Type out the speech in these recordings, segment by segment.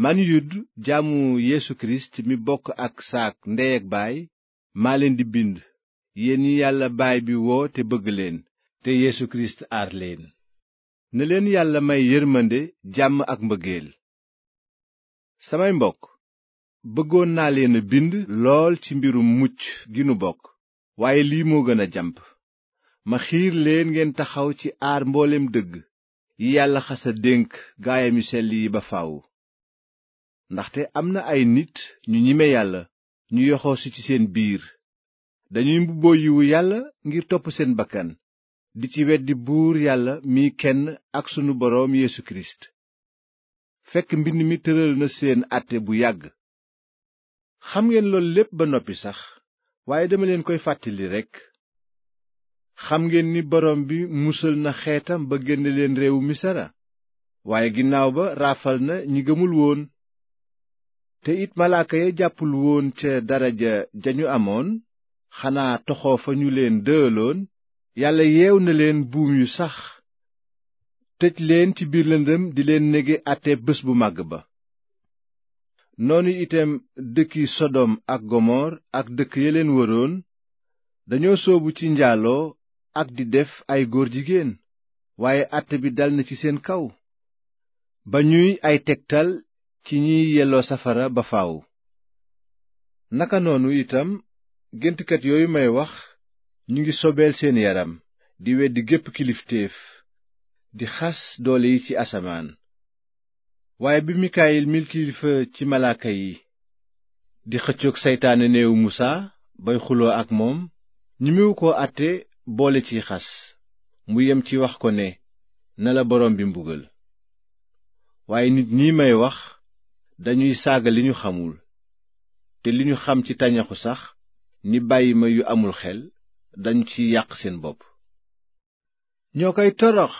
man Yuda jaamu Yeesu Kirist mi bokk ak Saak ndey ak baay maa leen di bind yéen ñi yàlla baay bi woo te bëgg leen te Yeesu Kirist aar leen ne yàlla may yërmande jàmm ak mbëggeel samay mbokk bëggoon naa leen a bind lool ci mbirum mucc gi nu bokk waaye lii moo gën a jàmp ma xiir leen ngeen taxaw ci aar mboolem dëgg yi yàlla xasa dénk gaayami sell yi ba faw ndaxte am na ay nit ñu ñime yàlla ñu yoxoosu ci seen biir dañuy mbubboo yiwu yàlla ngir topp seen bakkan di ci wet weddi buur yàlla mi kenn ak sunu boroom Yesu Kirist fekk mbind mi tëral na seen àtte bu yàgg xam ngeen loolu lépp ba noppi sax waaye dama leen koy fàttali rekk xam ngeen ni boroom bi musal na xeetam ba génn leen réew misara waaye ginnaaw ba raafal na ñi gëmul woon te it malaaka ya jàppul woon ca daraja jañu amoon xanaa toxoo fa ñu leen dëëloon yàlla yeew na leen buum yu sax tëj leen ci biir lëndëm di leen nege àtte bés bu màgg ba noonu itam dëkki sodom ak gomor ak dëkk ya leen wëroon dañoo soobu ci njaaloo ak di def ay góor jigéen waaye àtte bi dal na ci seen kaw ba ñuy ay tegtal ci ñiy yelloo safara ba faaw naka noonu itam géntkat yooyu may wax ñu ngi sobeel seen yaram di weddi gépp kilifteef di xas doole yi ci asamaan waaye bi mikaayil mil kilifa ci malaaka yi di xëccoog seytaane neewu musaa bay xuloo ak moom ñimiwu ko àtte boole ci xas mu yem ci wax ko ne na boroom borom bi mbugal waaye nit ñi may wax dañuy saaga li ñu xamul te li ñu xam ci tañaxu sax ni bàyyi ma yu amul xel dañu ci yàq seen bopp ñoo koy torox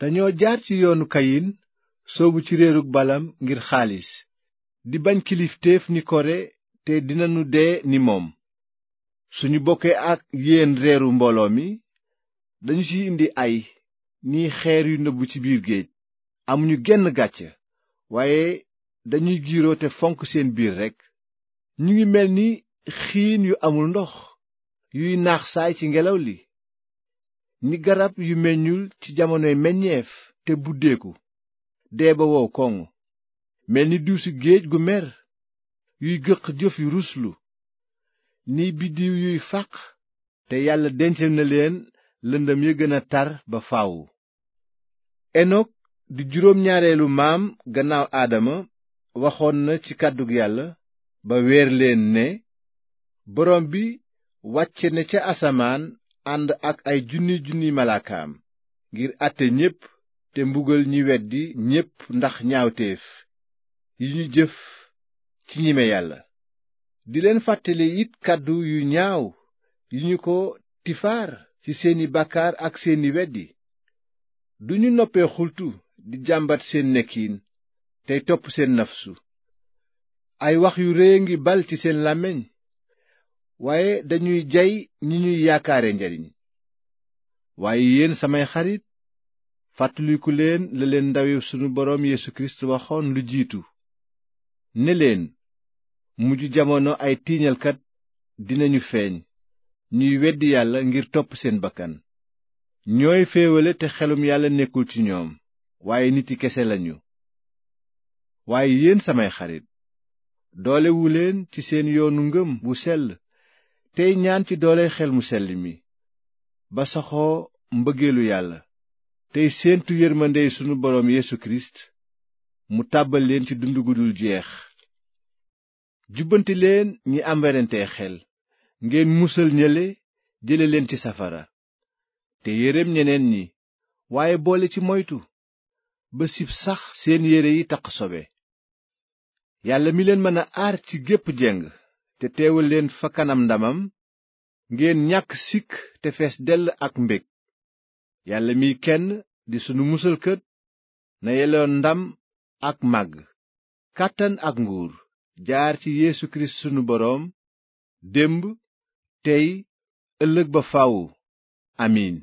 dañoo jaar ci yoonu kayin soobu ci réerug balam ngir xaalis di bañ kilifteef ni kore te dinanu dee ni moom suñu bokkee ak yéen reeru mbooloo mi dañu ci indi ay ni xeer yu nëbbu ci biir géej amuñu genn gàcce waaye dañuy giiroo te fonk seen biir rekk ñu ngi mel ni xiin yu amul ndox yuy naax saay ci ngelaw li ni garab yu meññul ci jamonoy meññeef te buddeeku dee ba wow koŋ mel ni diw géej gu mer yuy gëq jëf yu ruslu ni biddiw yuy fàq te yàlla dencal na leen lëndëm ya gën a tar ba faaw di juróom ñaareelu maam gannaaw aadama waxoon na ci kàddu yàlla ba weer leen ne borom bi wàcce na ca asamaan ànd ak ay junni junniy malaakaam ngir àtte ñépp te mbugal ñi weddi ñépp ndax ñaawteef yi ñu jëf ci ñime yàlla di leen fàttali it kàddu yu ñaaw yi ñu ko tifaar ci seeni bàkkaar ak seeni weddi duñu noppee xultu di jàmbat seen nekkiin tey topp seen nafsu ay wax yu réy ngi bal ci seen làmmiñ waaye dañuy jay ñi ñuy yaakaare njariñ waaye yéen samay xarit fàttaliku leen la leen ndawi sunu boroom Yesu Kirist waxoon lu jiitu ne leen mujj jamono ay tiiñalkat dinañu feeñ ñuy wedd yàlla ngir topp seen bakkan ñooy féewale te xelum yàlla nekkul ci ñoom waaye niti kese lañu waaye yéen samay xarit doolewuleen ci seen yoonu ngëm bu sell tey ñaan ci doole xel mu sell mi ba soxoo mbëggeelu yàlla tey séentu yërmandey sunu boroom Yeesu Kirist mu tàbbal leen ci dund gu dul jeex jubbanti leen ñi am werantee xel ngeen musal ñële jële leen ci safara te yërëm ñeneen ñi waaye boole ci moytu ba seen yére yi taq sobe yàlla mi leen mën a aar ci gépp jeng te teewal leen fa kanam ndamam ngeen ñàkk sikk te fees dell ak mbég yàlla mi kenn di sunu musalkat na yeloon ndam ak màgg kàttan ak nguur jaar ci yeesu kirist sunu boroom démb tey ëllëg ba faw amiin